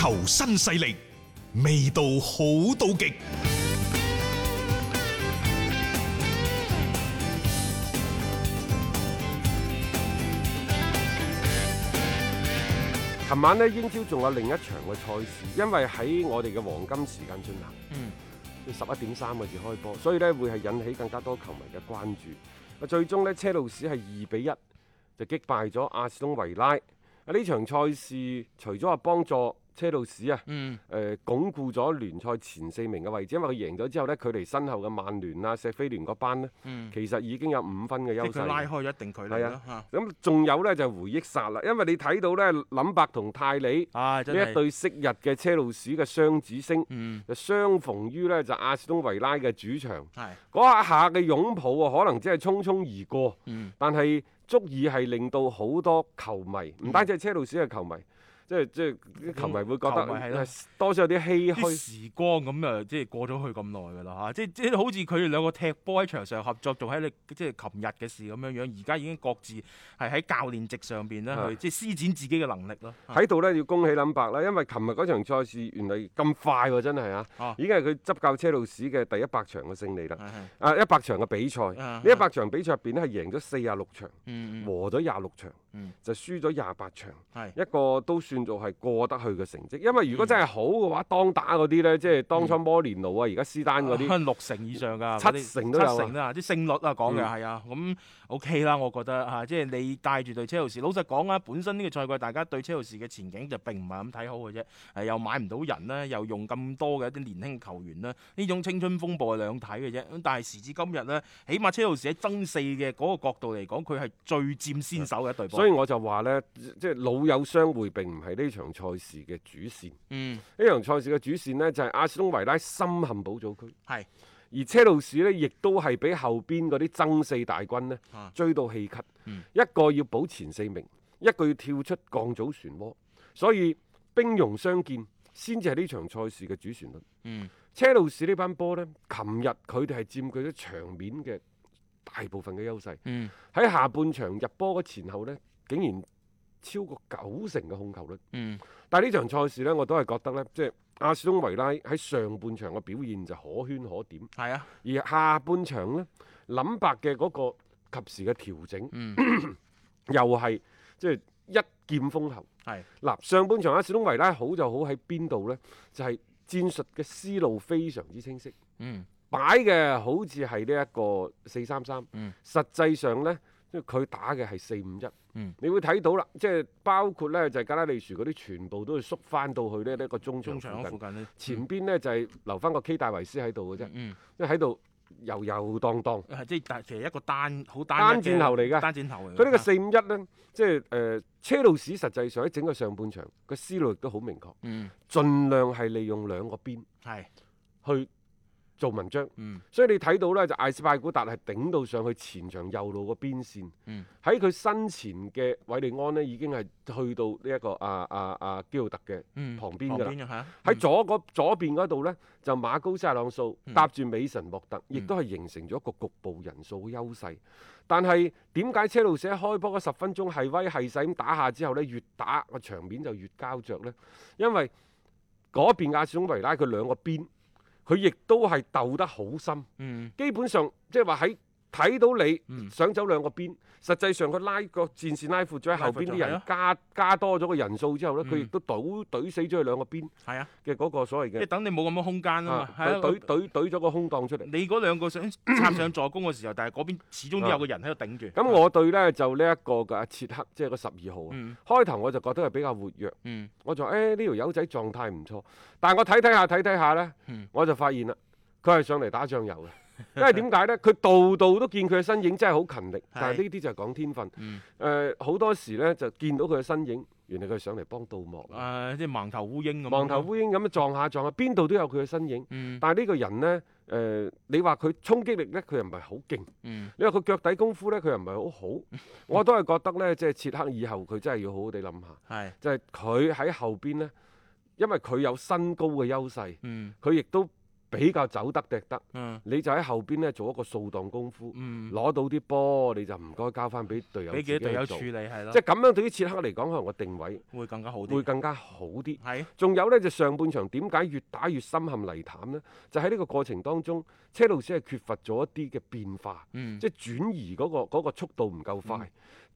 求新勢力，味道好到極。琴晚咧，英超仲有另一場嘅賽事，因為喺我哋嘅黃金時間進行，嗯，十一點三個字開波，所以咧會係引起更加多球迷嘅關注。啊，最終咧，車路士係二比一就擊敗咗阿斯東維拉。啊，呢場賽事除咗話幫助車路士啊，誒，鞏固咗聯賽前四名嘅位置，因為佢贏咗之後呢，佢哋身後嘅曼聯啊、錫菲聯嗰班呢，其實已經有五分嘅優勢，拉開一定距離，咁仲有呢，就回憶殺啦，因為你睇到呢，林柏同泰利呢一對昔日嘅車路士嘅雙子星，就相逢於呢，就阿斯東維拉嘅主場。嗰下嘅擁抱啊，可能只係匆匆而過，但係足以係令到好多球迷，唔單止係車路士嘅球迷。即係即係，球迷會覺得多少有啲唏噓，啲時光咁啊，即係過咗去咁耐㗎啦嚇！即係即係，好似佢哋兩個踢波喺場上合作，仲喺你即係琴日嘅事咁樣樣，而家已經各自係喺教練席上邊咧去即係施展自己嘅能力咯。喺度咧要恭喜林柏啦，因為琴日嗰場賽事原來咁快喎，真係啊！已經係佢執教車路士嘅第一百場嘅勝利啦。啊，一百場嘅比賽，呢、啊、一百場比賽入邊咧係贏咗四十六場，嗯嗯、和咗廿六場。嗯，就輸咗廿八場，是一個都算做係過得去嘅成績。因為如果真係好嘅話，嗯、當打嗰啲呢，即係當初摩連奴啊，而家、嗯、斯丹嗰啲，可能、嗯、六成以上噶，七成都有七成啦，啲勝率啊，講嘅係啊，咁 OK 啦，我覺得嚇、啊，即係你帶住隊車路士。老實講啊，本身呢個賽季大家對車路士嘅前景就並唔係咁睇好嘅啫、呃。又買唔到人啦，又用咁多嘅一啲年輕球員啦，呢種青春風暴係兩睇嘅啫。咁但係時至今日呢，起碼車路士喺爭四嘅嗰個角度嚟講，佢係最佔先手嘅一隊。所以我就話呢，即係老友相會並唔係呢場賽事嘅主線。嗯，呢場賽事嘅主線呢，就係、是、阿斯東維拉深陷保組區。係是，而車路士呢，亦都係俾後邊嗰啲爭四大軍咧、啊、追到氣咳。嗯、一個要保前四名，一個要跳出降組旋渦。所以兵戎相見先至係呢場賽事嘅主旋律。嗯，車路士呢班波呢，琴日佢哋係佔據咗場面嘅大部分嘅優勢。喺、嗯、下半場入波嘅前後呢。竟然超過九成嘅控球率，嗯，但係呢場賽事呢，我都係覺得呢，即係阿斯東維拉喺上半場嘅表現就可圈可點，係啊，而下半場呢，林柏嘅嗰個及時嘅調整，嗯、 又係即係一劍封喉，係嗱是，上半場阿斯東維拉好就好喺邊度呢？就係、是、戰術嘅思路非常之清晰，嗯，擺嘅好似係呢一個四三三，嗯，實際上呢。即係佢打嘅係四五一，你會睇到啦，即係包括咧就係、加拉利殊嗰啲，全部都會縮翻到去呢一個中場附近，場附近嗯、前邊咧就係、是、留翻個 K 戴維斯喺度嘅啫，即係喺度遊遊蕩蕩，即係其實一個單好單,單箭頭嚟㗎，單箭頭。佢呢個四五一咧，即係誒、呃、車路士實際上喺整個上半場個思路亦都好明確，嗯嗯、盡量係利用兩個邊係去是。做文章，所以你睇到呢，就艾斯拜古達係頂到上去前場右路個邊線，喺佢身前嘅韋利安呢，已經係去到呢一個啊啊啊基奧特嘅旁邊噶，喺左嗰左邊嗰度呢，就馬高西阿朗素搭住美神莫特，亦都係形成咗一個局部人數嘅優勢。但係點解車路士開波嗰十分鐘係威係勢咁打下之後呢，越打個場面就越膠着呢？因為嗰邊亞松維拉佢兩個邊。佢亦都係鬥得好深，嗯，基本上即係話喺，就是睇到你、嗯、想走兩個邊，實際上佢拉個戰線拉闊咗喺後邊啲人加加多咗個人數之後呢，佢亦、嗯、都倒堵，堵死咗佢兩個邊。係啊，嘅嗰個所謂嘅，即等你冇咁嘅空間啊嘛，堵堵咗個空檔出嚟。你嗰兩個想插上助攻嘅時候，嗯、但係嗰邊始終都有個人喺度頂住。咁、嗯嗯、我對呢就呢、這、一個嘅、啊、切克，即、就、係、是、個十二號。嗯、開頭我就覺得係比較活躍，嗯、我就話呢條友仔狀態唔錯，但係我睇睇下睇睇下呢，我就發現啦，佢係上嚟打醬油嘅。因為點解呢？佢度度都見佢嘅身影，真係好勤力。但係呢啲就係講天分。誒，好多時呢就見到佢嘅身影，原來佢上嚟幫倒忙。即係盲頭烏蠅咁。盲頭烏蠅咁樣撞下撞下，邊度都有佢嘅身影。但係呢個人呢，誒，你話佢衝擊力呢，佢又唔係好勁。你話佢腳底功夫呢，佢又唔係好好。我都係覺得呢，即係切刻以後，佢真係要好好地諗下。即係佢喺後邊呢，因為佢有身高嘅優勢。佢亦都。比較走得踢得，嗯、你就喺後邊咧做一個掃蕩功夫，攞、嗯、到啲波你就唔該交翻俾隊友。俾幾隊友處理係咯，即係咁樣對於切克嚟講，可能個定位會更加好啲，會更加好啲。係仲的有呢，就是、上半場點解越打越深陷泥潭呢？就喺、是、呢個過程當中，車路士係缺乏咗一啲嘅變化，即係、嗯、轉移嗰、嗰個嗰個速度唔夠快，嗯、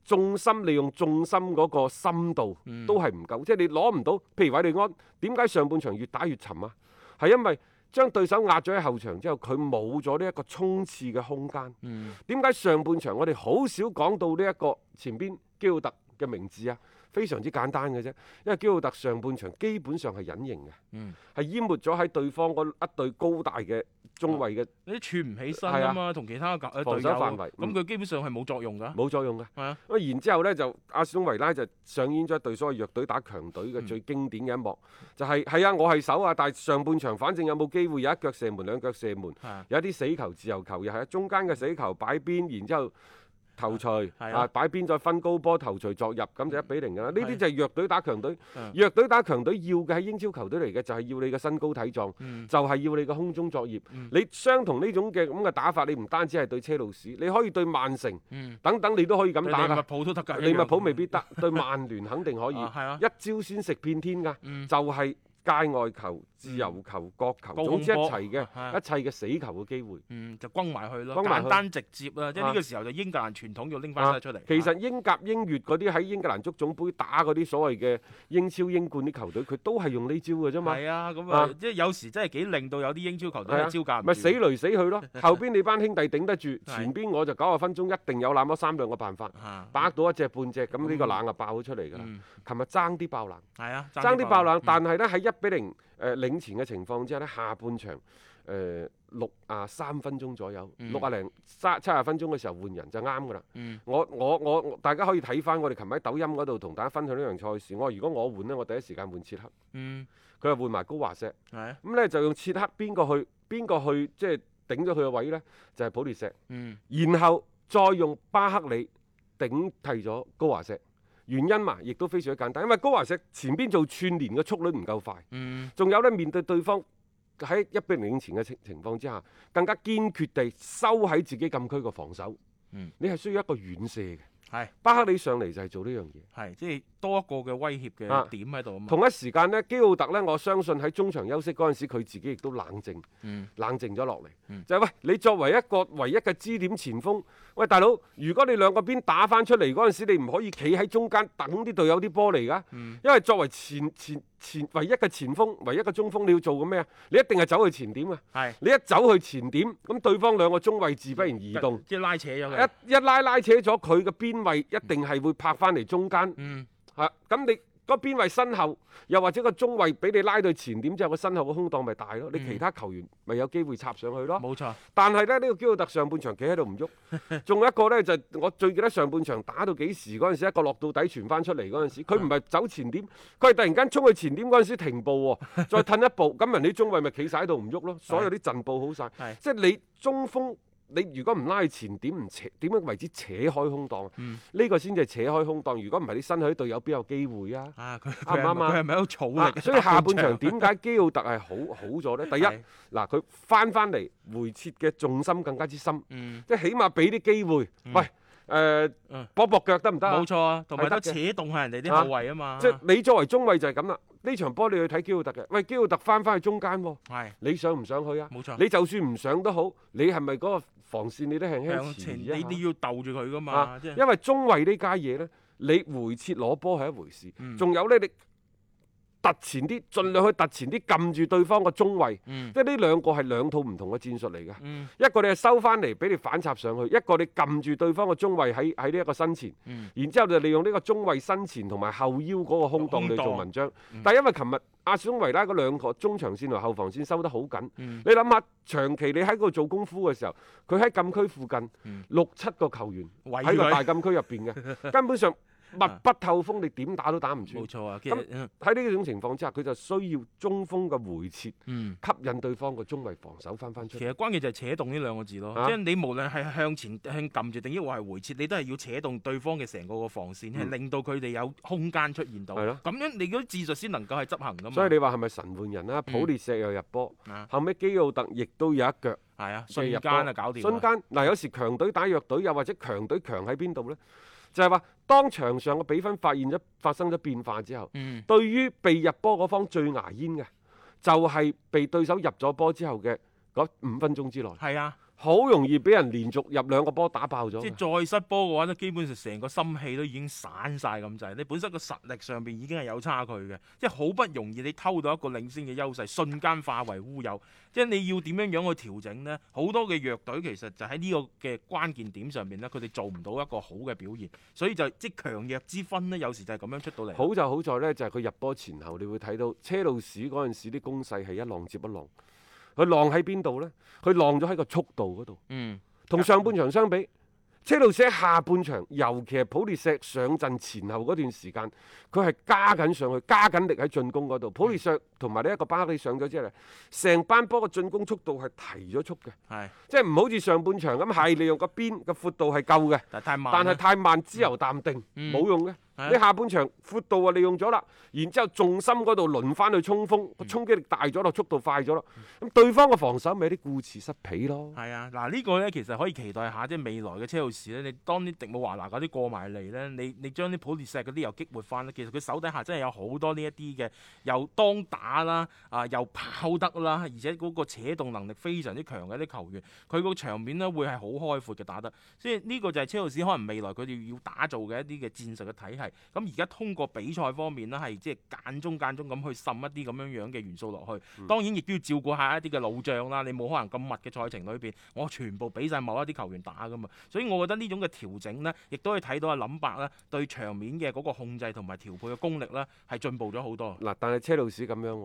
重心利用重心嗰個深度都係唔夠。即係、嗯嗯、你攞唔到，譬如韋利安，點解上半場越打越沉啊？係因為。將對手壓咗喺後場之後，佢冇咗呢一個衝刺嘅空間。點解、嗯、上半場我哋好少講到呢一個前邊基奧特嘅名字啊？非常之簡單嘅啫，因為基奧特上半場基本上係隱形嘅，係、嗯、淹沒咗喺對方嗰一隊高大嘅中衞嘅、嗯，你穿唔起身啊嘛，同、啊、其他防守範圍，咁佢、嗯、基本上係冇作用噶，冇作用嘅。咁、啊、然之後呢，就阿斯隆維拉就上演咗一隊所謂弱隊打強隊嘅最經典嘅一幕，嗯、就係、是、係啊，我係守啊，但係上半場反正有冇機會，有一腳射門、兩腳射門，啊啊、有一啲死球、自由球，又係中間嘅死球擺邊，然之後。頭槌啊，擺邊再分高波，頭槌作入，咁就一比零噶啦。呢啲就係弱隊打強隊，弱隊打強隊要嘅係英超球隊嚟嘅，就係要你嘅身高體壯，就係要你嘅空中作業。你相同呢種嘅咁嘅打法，你唔單止係對車路士，你可以對曼城等等，你都可以咁打㗎，利物浦未必得，對曼聯肯定可以。一招鮮食遍天㗎，就係界外球。自由球、角球，總之一齊嘅一切嘅死球嘅機會，嗯，就轟埋去咯，簡單直接啦。即係呢個時候，就英格蘭傳統要拎翻晒出嚟。其實英甲、英越嗰啲喺英格蘭足總杯打嗰啲所謂嘅英超、英冠啲球隊，佢都係用呢招嘅啫嘛。係啊，咁啊，即係有時真係幾令到有啲英超球隊一招架唔掂，咪死嚟死去咯。後邊你班兄弟頂得住，前邊我就九十分鐘一定有那麼三兩個辦法把握到一隻半隻咁呢個冷啊爆咗出嚟㗎啦。琴日爭啲爆冷，係啊，爭啲爆冷，但係咧喺一比零，誒、呃、領前嘅情況之下呢，呢下半場誒六啊三分鐘左右，六啊零三七啊分鐘嘅時候換人就啱㗎喇。我我我大家可以睇返我哋琴日喺抖音嗰度同大家分享呢場賽事。我如果我換呢，我第一時間換切克。嗯。佢又換埋高華石。係，咁呢就用切克邊個去邊個去即係頂咗佢嘅位呢，就係、是、普列石。嗯、然後再用巴克里頂替咗高華石。原因嘛，亦都非常之簡單，因為高華石前邊做串聯嘅速率唔夠快，仲、嗯、有咧面對對方喺一比零前嘅情情況之下，更加堅決地收喺自己禁區嘅防守，嗯、你係需要一個遠射嘅。係，是巴克利上嚟就係做呢樣嘢。係，即係多一個嘅威脅嘅點喺度、啊、同一時間呢，基奧特呢，我相信喺中場休息嗰陣時，佢自己亦都冷靜，嗯、冷靜咗落嚟。嗯、就係、是、喂，你作為一個唯一嘅支點前鋒，喂，大佬，如果你兩個邊打翻出嚟嗰陣時，你唔可以企喺中間等啲隊友啲波嚟㗎，嗯、因為作為前前。前唯一嘅前鋒，唯一嘅中鋒，你要做嘅咩啊？你一定係走去前點嘅。係。你一走去前點，咁對方兩個中位置必然移動，即、嗯、拉扯咗。一一拉拉扯咗佢嘅邊位，一定係會拍翻嚟中間。嗯。嚇，咁你。邊位身後，又或者個中衛俾你拉到前點之後，個身後個空檔咪大咯，你其他球員咪有機會插上去咯。冇錯錯，但係咧呢、呢個基奧特上半場企喺度唔喐，仲 有一個呢，就是、我最記得上半場打到幾時嗰陣時，一個落到底傳翻出嚟嗰陣時，佢唔係走前點，佢係突然間衝去前點嗰陣時停步，再褪一步，咁人哋中衛咪企晒喺度唔喐咯，所有啲陣步好晒， 即係你中鋒。你如果唔拉前，點唔扯？點樣為之扯開空檔？呢個先至係扯開空檔。如果唔係，你身後嘅隊友邊有機會啊？啱唔啱啊？佢係咪喺度草嚟？所以下半場點解基奧特係好好咗咧？第一，嗱，佢翻翻嚟回撤嘅重心更加之深，即係起碼俾啲機會。喂，誒，搏搏腳得唔得啊？冇錯，同埋都扯動下人哋啲後衞啊嘛。即係你作為中衞就係咁啦。呢場波你去睇基奧特嘅。喂，基奧特翻翻去中間喎。係，你想唔想去啊？冇錯。你就算唔上都好，你係咪嗰個？防線，你都係向前，你你要鬥住佢噶嘛，因為中衛呢家嘢咧，你回切攞波係一回事，仲有咧你。突前啲，盡量去突前啲，撳住對方個中位，即係呢兩個係兩套唔同嘅戰術嚟嘅。嗯、一個你係收翻嚟俾你反插上去，一個你撳住對方個中位喺喺呢一個身前，嗯、然之後就利用呢個中位身前同埋後腰嗰個空檔嚟做文章。嗯、但係因為琴日阿士東維拉兩個兩個中場線同後防線收得好緊，嗯、你諗下長期你喺度做功夫嘅時候，佢喺禁區附近六七、嗯、個球員喺個大禁區入邊嘅，根本上。密不透風，你點打都打唔穿。冇錯啊！咁喺呢種情況之下，佢就需要中鋒嘅回撤，嗯、吸引對方嘅中位防守翻翻出嚟。其實關鍵就係扯動呢兩個字咯，啊、即係你無論係向前向撳住，定抑或係回撤，你都係要扯動對方嘅成個個防線，係、嗯、令到佢哋有空間出現到。咁、嗯、樣你嗰啲技術先能夠係執行噶嘛？所以你話係咪神換人啊？普列石又入波，嗯啊、後尾基奧特亦都有一腳，係啊，瞬間啊搞掂。瞬間嗱、呃，有時強隊打弱隊，又或者強隊強喺邊度呢？就係話，當場上嘅比分發現咗發生咗變化之後，嗯、對於被入波嗰方最牙煙嘅，就係、是、被對手入咗波之後嘅嗰五分鐘之內。係啊。好容易俾人連續入兩個波打爆咗。即係再失波嘅話，咧基本上成個心氣都已經散晒咁滯。你本身個實力上邊已經係有差距嘅。即係好不容易你偷到一個領先嘅優勢，瞬間化為烏有。即係你要點樣樣去調整呢？好多嘅弱隊其實就喺呢個嘅關鍵點上面咧，佢哋做唔到一個好嘅表現，所以就即係強弱之分咧，有時就係咁樣出到嚟。好就好在呢，就係佢入波前後，你會睇到車路士嗰陣時啲攻勢係一浪接一浪。佢浪喺邊度呢？佢浪咗喺個速度嗰度，同、嗯、上半場相比，嗯、車路士喺下半場，尤其係普列石上陣前後嗰段時間，佢係加緊上去，加緊力喺進攻嗰度。普列石。嗯同埋呢一個巴克利上咗之後咧，成班波嘅進攻速度係提咗速嘅，係的即係唔好似上半場咁係利用個邊嘅闊度係夠嘅，但係太，太慢，之後淡定冇、嗯、用嘅。你的下半場闊度啊利用咗啦，然之後重心嗰度輪翻去衝鋒，個衝擊力大咗咯，速度快咗、嗯、咯。咁對方嘅防守咪有啲顧此失彼咯。係啊，嗱呢個咧其實可以期待下即係未來嘅車路士咧，你當啲迪姆華拿嗰啲過埋嚟咧，你你將啲普列石嗰啲又激活翻咧，其實佢手底下真係有好多呢一啲嘅，又當打。啦，啊又跑得啦，而且嗰個扯動能力非常之強嘅一啲球員，佢個場面咧會係好開闊嘅打得，所以呢個就係車路士可能未來佢哋要打造嘅一啲嘅戰術嘅體系。咁而家通過比賽方面呢，係即係間中間中咁去滲一啲咁樣樣嘅元素落去，當然亦都要照顧下一啲嘅老將啦。你冇可能咁密嘅賽程裏邊，我全部俾晒某一啲球員打噶嘛。所以我覺得呢種嘅調整呢，亦都可以睇到阿林伯呢對場面嘅嗰個控制同埋調配嘅功力呢，係進步咗好多。嗱，但係車路士咁樣。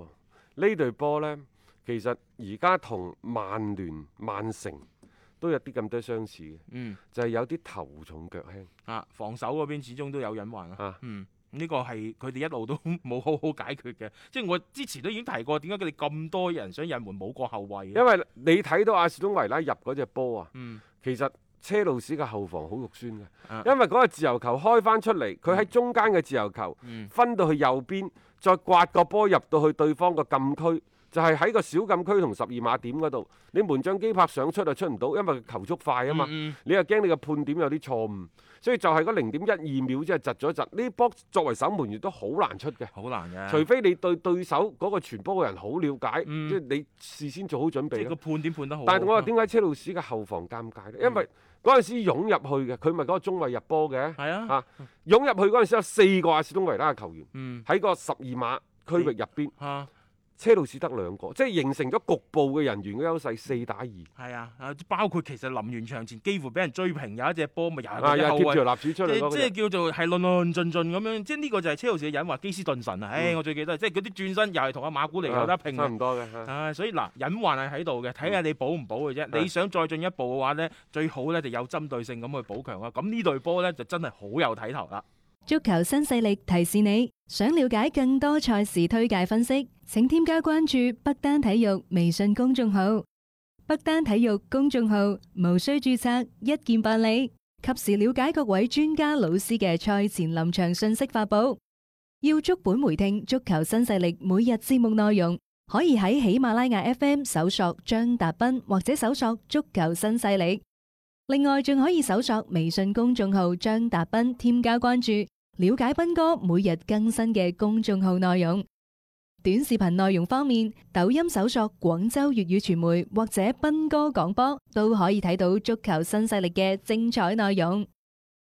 呢隊波呢，其實而家同曼聯、曼城都有啲咁多相似嘅，嗯、就係有啲頭重腳輕，啊，防守嗰邊始終都有隱患啊。啊嗯，呢、呢個係佢哋一路都冇好好解決嘅，即係我之前都已經提過，點解佢哋咁多人想引援冇個後衛啊？因為你睇到阿斯東維拉入嗰隻波啊，嗯、其實車路士嘅後防好肉酸嘅，啊、因為嗰個自由球開翻出嚟，佢喺中間嘅自由球分到去右邊。再刮個波入到去對方嘅禁區。就係喺個小禁區同十二碼點嗰度，你門將機拍上出就出唔到，因為球速快啊嘛。嗯嗯、你又驚你個判點有啲錯誤，所以就係嗰零點一二秒即係，窒咗窒。呢波作為守門員都好難出嘅，好難，除非你對對手嗰個傳波嘅人好了解，即係、嗯、你事先做好準備。即係個判點判得好。但係我話點解車路士嘅後防尷尬呢？嗯、因為嗰陣時湧入去嘅，佢咪嗰個中衞入波嘅。係啊，啊湧入去嗰陣時有四個阿斯東維拉嘅球員喺、嗯、個十二碼區域入邊。啊啊車路士得兩個，即係形成咗局部嘅人員嘅優勢，四打二。係啊，包括其實臨完場前幾乎俾人追平，有一隻波咪又係一、啊位啊、出即係叫做係論論盡盡咁樣，即係呢個就係車路士嘅隱患，基斯頓神啊！哎嗯、我最記得，即係嗰啲轉身又係同阿馬古尼有得拼。差唔、啊、多嘅。啊、所以嗱隱患係喺度嘅，睇下你補唔補嘅啫。啊、你想再進一步嘅話咧，最好咧就有針對性咁去補強啊。咁呢隊波咧就真係好有睇頭啦。足球新勢力提示，你想了解更多賽事推介分析，請添加關注北丹體育微信公眾號北丹體育公眾號，無需注冊，一鍵辦理，及時了解各位專家老師嘅賽前臨場信息發布。要足本回聽足球新勢力每日節目內容，可以喺喜馬拉雅 FM 搜索張達斌，或者搜索足球新勢力。另外，仲可以搜索微信公眾號張達斌，添加關注。了解斌哥每日更新嘅公眾號內容，短視頻內容方面，抖音搜索廣州粵語傳媒或者斌哥廣播都可以睇到足球新勢力嘅精彩內容。